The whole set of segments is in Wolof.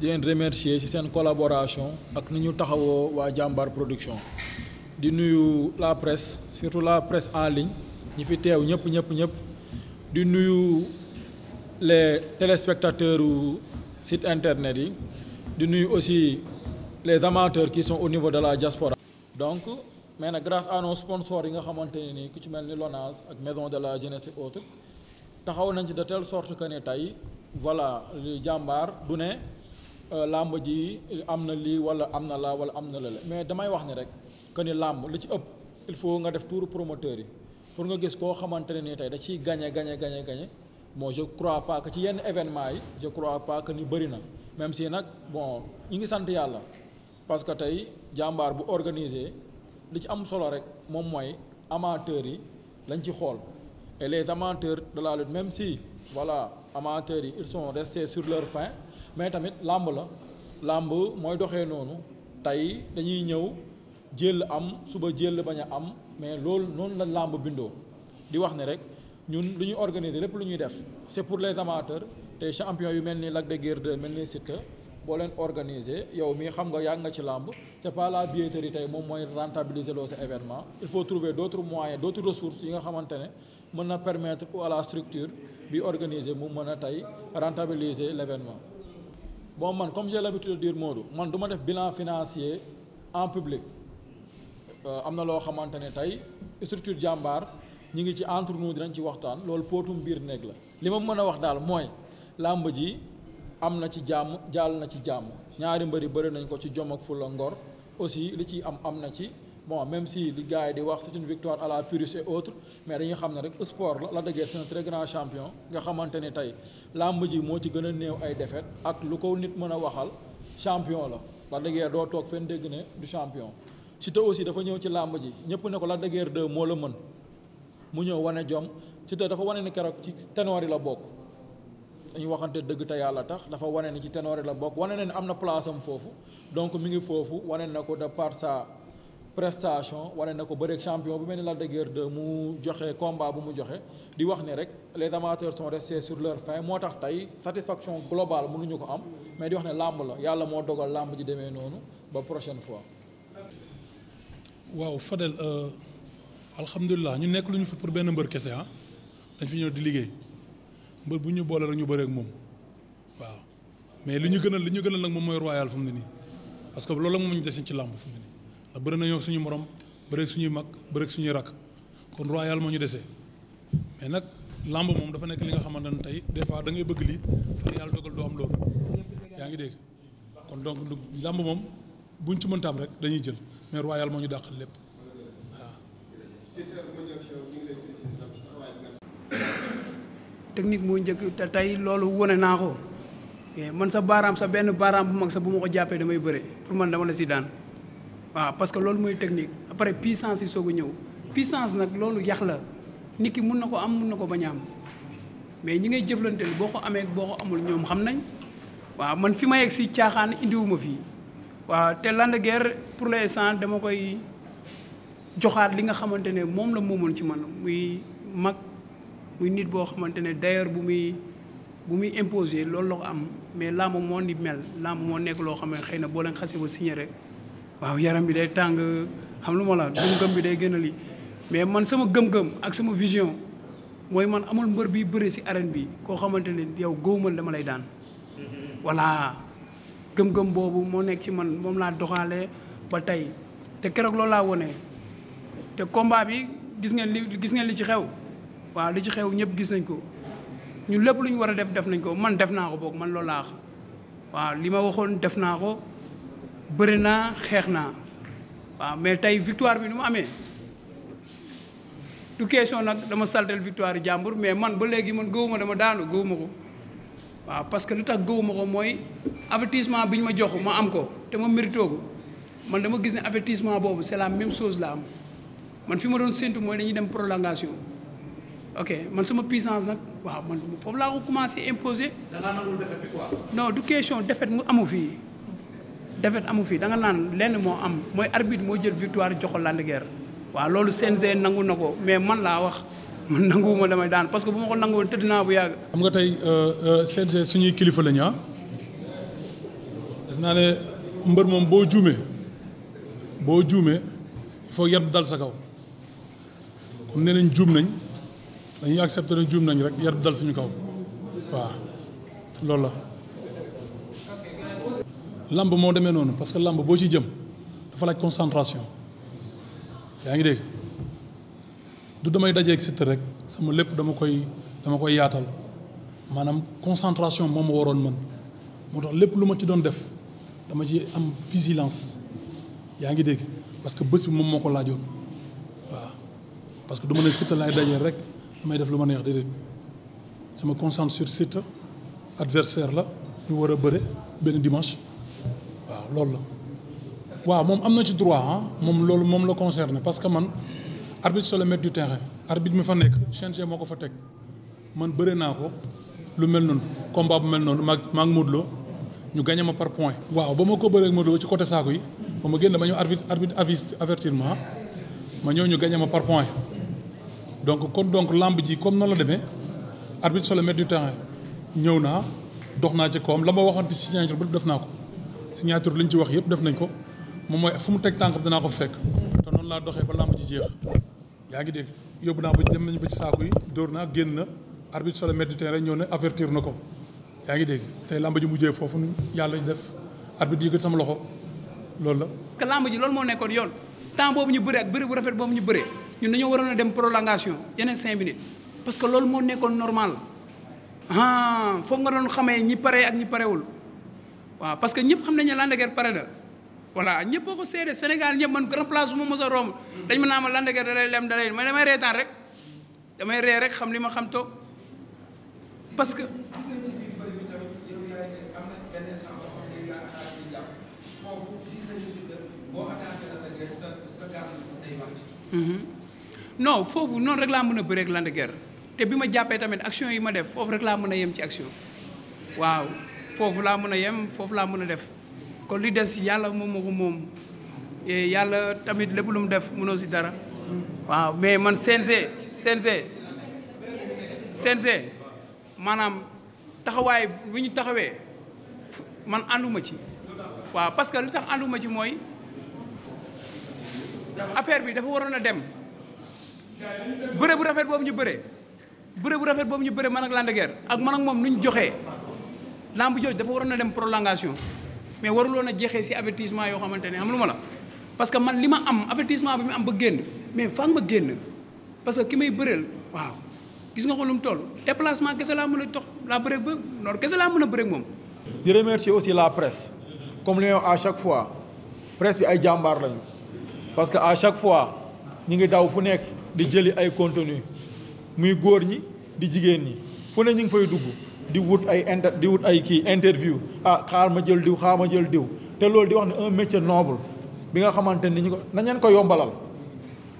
di leen remercier ci seen collaboration ak ni ñu taxawoo waa jàmbaar production di nuyu la press surtout la presse en ligne ñi fi teew ñëpp ñëpp ñëpp di nuyu les téléspectateurs u site internet yi di nuyu aussi les amateurs qui sont au niveau de la diaspora donc mais nag grâce à nos yi nga xamante ne nii ku ci mel ni LONASE ak maison de la jeunesse et autres taxaw nañ ci de telle sorte que ne tey voilà jàmbaar du ne Euh, làmb ji am na lii wala am na la wala am na la mais damay wax ni rek que ni làmb li ci ëpp il faut nga def tour promoteur yi pour nga gis koo xamante ne ni tey da ciy gagné gagné gagné gañe moo je crois pas ci yenn événement yi je crois pas que ni bëri na même si nag bon ñu ngi sant yàlla parce que tey jàmbaar bu organisé li ci am solo rek moom mooy amateurs yi lañ ci xool et les amateurs de la lutte même si voilà amateurs yi ils sont restés sur leur faim mais tamit làmb la làmb mooy doxee noonu tey dañuy ñëw jël am suba jël bañ a am mais loolu noonu la làmb bindoo di wax ne rek ñun lu ñuy organiser lépp lu ñuy def c'est pour les amateurs te champion yu mel ni Lac de Guiers mel ni Siteu boo leen organiser yow mii xam nga yàgg nga ci làmb c'est pas la tey moom mooy rentabiliser loo sa événement il faut trouver d'autres moyens d'autres ressources yi nga xamante ne mën na permettre à la structure bi mën a tey rentabiliser l'événement bon man comme j'ai l'habitude de dire Modou man du ma def bilan financier en public euh, am na loo xamante ne tey structure jàmbaar ñi ngi ci entre nous dinañ ci waxtaan loolu pootum biir néeg la li ma mën a wax daal mooy làmb ji am na ci jàmm jàll na ci jàmm ñaari mbëri bëri nañ ko ci jom ak fulla ngor aussi li ci am am na ci bon même si li gars yi di wax c'est une victoire à la Pyrrhus et autres mais dañu xam ne rek sport la Lac de Guiers grand champion nga xamante ni tey làmb ji moo ci gën a néew ay défaite ak lu ko nit mën a waxal champion la Lac de doo toog fenn dégg ne du champion Siteu aussi dafa ñëw ci làmb ji ñëpp ne ko Lac de Guiers moo la mën mu ñëw wane jom Siteu dafa wane ni keroog ci ténor yi la bokk dañu waxante dëgg te yàlla tax dafa wane ni ci ténor yi la bokk wane ne am na place foofu prestation wane na ko bëreeg champion bu mel ni Lac de Guiers mu joxe combat bu mu joxe di wax ni rek les amateurs sont restés sur leur faim moo tax tey satisfaction globale mënuñu ko am mais di wax ne làmb la yàlla moo dogal làmb ji demee noonu ba prochaine fois. waaw Fadel euh, alhamdulilah ñu nekk lu ñu fi pour benn mbër kese ah dañ fi ñëw di liggéey mbër bu ñu boole rek ñu bëreeg moom waaw mais li ñu gënal li ñu gënal nag moom mooy royal fu mu ne nii parce que loolu moom ñu ci làmb fu bari bëri nañoo suñu morom bëri suñuy mag bëri suñuy rakk kon royal moo ñu desee mais nag lamb moom dafa nekk li nga xamante ne tey des fois da bëgg lii far yàlla dogal doo am loolu yaa ngi dégg kon donc làmb moom buñ ci mëntaam rek dañuy jël mais royal moo ñu dàqal lépp technique moo njëkk te tey loolu wone naa ko man sa baaraam sa benn baaraam bu mag sa bu ma ko jàppee damay bëre pour man dama la si daan waaw parce que loolu mooy technique après puissance yi soog a ñëw puissance nag loolu yax la nit ki mun na ko am mun na ko bañ am mais ñi ngay jëflanteel boo ko amee boo ko amul ñoom xam nañ waaw man fi ma yegg si caaxaan indiwuma fii waaw te Lac de Guiers pour l'instant dama koy joxaat li nga xamante ne moom la moomoon ci man muy mag muy nit boo xamante ne d'ailleurs bu muy bu muy imposer loolu la ko am mais làmb moo ni mel làmb moo nekk loo xam ne xëy na boo leen xasee ba signé rek. waaw yaram bi day tàng xam lu ma la gëm bi day gën a lii mais man sama gëm-gëm ak sama vision mooy man amul mbër bi bëri si arène bi koo xamante ne yow góomal dama lay daan voilà gëm-gëm boobu moo nekk ci man moom laa doxalee ba tey te keroog loolu laa wone te combat bi gis ngeen li gis ngeen li ci xew waaw li ci xew ñëpp gis nañ ko ñun lépp lu ñu war a def def nañ ko man def naa ko boog man loolu laa li ma waxoon def naa ko bëri naa xeex naa waaw mais tey victoire bi nu mu amee du question nag dama saltel victoire jàmbur mais man ba léegi man gëwuma dama daanu gëwuma ko waaw parce que lu tax gëwuma ko mooy avertissement bi ñu ma jox ma am ko te ma mérito ko man dama gis ne avertissement boobu c'est la même chose la am man fi ma doon séntu mooy dañuy dem prolongation ok man sama puissance nag waaw man foofu laa ko commencé imposer. da ngaa nangul défaite bi quoi. du question défaite mu amu fii. defet amu fii danga naan lenn moo am mooy arbit moo jël victoire jox ko Lac de Guiers waaw loolu CNG nangu na ko mais man laa wax man nanguwuma damay daan parce que bu ma ko nanguwoon tëdd naa bu yàgg. xam nga tey euh, euh, CNG suñuy kilifa la ñu ah def naa ne mbër moom boo juumee boo juumee il faut yar dal sa kaw comme nee nañ juum nañ dañuy accepté ne juum nañ rek yar dal suñu kaw waaw loolu la. lamb moo demee noonu parce que lamb boo ci jëm dafa laaj concentration yaa ngi dégg du damay dajeeg Siteu rek sama lépp dama koy dama koy yaatal maanaam concentration moom ma waroon mën moo tax lépp lu ma ci doon def dama ci am vigilance yaa ngi dégg parce que bés bi moom moo ko laajoon waaw parce que du ma ne Siteu laay dajee rek damay def lu ma neex déedéet je concentre sur Siteu adversaire la ñu war a bëre benn dimanche waaw loolu la waaw moom am na ci droit ah moom loolu moom la concerné parce que man arbitre sur le mètre du terrain arbitre mi fa nekk CNG moo ko fa teg man bëre naa ko lu mel noonu combat bu mel noonu maag mag Modou Lo ñu gagné ma par point. waaw ba ma ko bëree ak Modou ci côté saako yi ba ma génn ma ñëw arbitre arbitre avertissement ma ñëw ñu gagné ma par point donc kon donc lamb ji comme noonu la demee arbitre sur du terrain ñëw naa dox naa ci kawam la ma waxoon ci signature bu def naa ko. signature li ñu ci wax yëpp def nañ ko moom mooy fu mu teg tànkam danaa ko fekk te noonu laa doxee ba làmb jeex yaa ngi dégg yóbbu naa ba dem nañ ba ci saako yi dóor naa génn na arbitre solo le maître du ñëw na avertir na ko yaa ngi dégg tey làmb ji mujjee foofu yàlla def arbitre yëkkati sama loxo loolu la. que làmb ji loolu moo nekkoon yoon temps boobu ñu bëree ak bëri bu rafet boobu ñu bëree ñun ñoo waroon a dem prolongation yeneen cinq minutes parce que loolu moo nekkoon normal ah foofu nga doon xamee ñi pare ak ñi parewul waaw parce que ñëpp xam nañu ne Lac de Guiers pare na voilà ñëpp boo ko seede Sénégal ñëpp man grand place bu ma mos a romb dañ mën naa ma Lac de Guiers dalay lem dalay mais damay reetaan rek damay ree rek xam li ma xam toog parce que. Mm-hmm. non foofu noonu rek laa mën a bëreeg Lac te bi ma jàppee tamit action yi ma def foofu rek laa mën a yem ci action waaw. foofu laa mën a yem foofu laa mën a def kon li des yàlla moom moo moom yàlla tamit lépp lu mu def mënoo si dara waaw mais man CNG CNG CNG maanaam taxawaay bu ñu taxawee man ànduma ci waaw parce que li tax ànduma ci mooy affaire bi dafa waroon a dem bëre bu rafet boobu ñu bëre bëre bu rafet boobu ñu bëre man ak Lac de Guiers ak man ak moom nu ñu joxee lamb jooju dafa waroon a dem prolongation mais waruloon a jeexee si avertissement yoo xamante ne am lu ma la parce que man li ma am avertissement bi mu am ba génn mais faa ma génn parce que ki may bëreel waaw gis nga ko lu mu toll déplacement kese laa mën a tox laa bëreeg ba noor kese laa mën a bëreeg moom. di remercier aussi la presse comme li ñu à chaque fois presse bi ay jàmbaar lañu parce que à chaque fois ñu ngi daw fu nekk di jëli ay contenu muy góor ñi di jigéen ñi fu ne ñu ngi fay dugg. di wut ay inter di wut ay kii interview ah xaar ma jël diw xaar ma jël diw te loolu di wax ne un métier noble bi nga xamante ni ñu ko nañ leen ko yombalal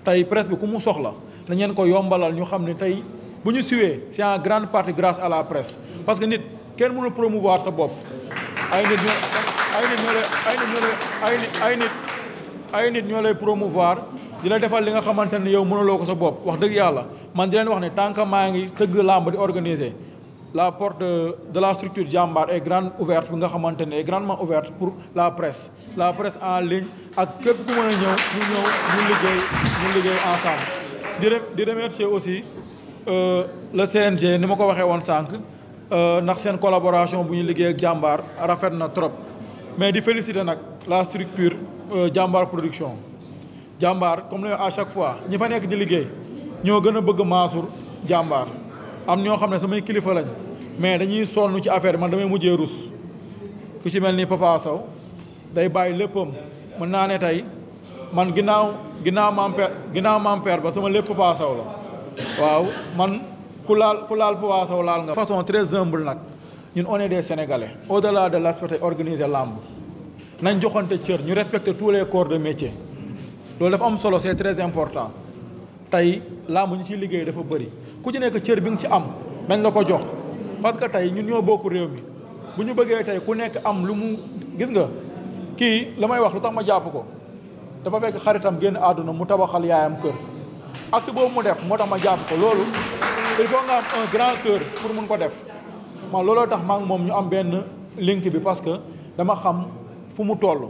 tey presse bi ku mu soxla nañ leen ko yombalal ñu xam ne tey bu ñu siwee c'est en grande partie grâce à la presse parce que nit kenn mënul promouvoir sa bopp ay nit ñoo ay nit ñoo lay ay nit ñoo lay ay promouvoir di la defal li nga xamante ne yow mënuloo ko sa bopp wax dëgg yàlla man di leen wax ne tant que maa ngi tëgg làmb organiser la porte de la structure jàmbaar est grande ouverte bi nga xamante ne est grandement ouverte pour la press la presse en ligne ak képp ku mën a ñëw ñu ñëw ñu liggéey ñu liggéey ensemble di di remercier aussi euh, le CNG ni ma ko waxee woon sànq euh, ndax seen collaboration bu ñu liggéey ak jàmbaar rafet na trop mais di féliciter nag la structure euh, jàmbaar production jàmbaar comme la à chaque fois ñi fa nekk di liggéey ñoo gën a bëgg Mansour jàmbaar am ñoo xam ne samay kilifa lañ mais dañuy sonn ci affaire man damay mujjee rus ku ci mel ni Papa day bàyyi léppam mën naa ne tey man ginnaaw ginnaaw maam ginnaaw maam ba sama lépp Papa la waaw man ku laal ku laal Papa laal nga façon très humble nag ñun one est des sénégalais au delà de l'aspect organiser làmb nañ joxante cër ñu respecter tous les corps de métier loolu dafa am solo c'est très important tey làmb ñu ciy liggéey dafa bëri ku ci nekk cër bi nga ci am nañ la ko jox parce que tey ñun ñoo bokk réew mi bu ñu bëggee tey ku nekk am lu mu gis nga kii la may wax lu tax ma jàpp ko dafa fekk xaritam génn àdduna mu tabaxal yaayam kër acte boobu mu def moo tax ma jàpp ko loolu il faut nga am un grand cœur pour mun ko def ma looloo tax maa moom ñu am benn link bi parce que dama xam fu mu toll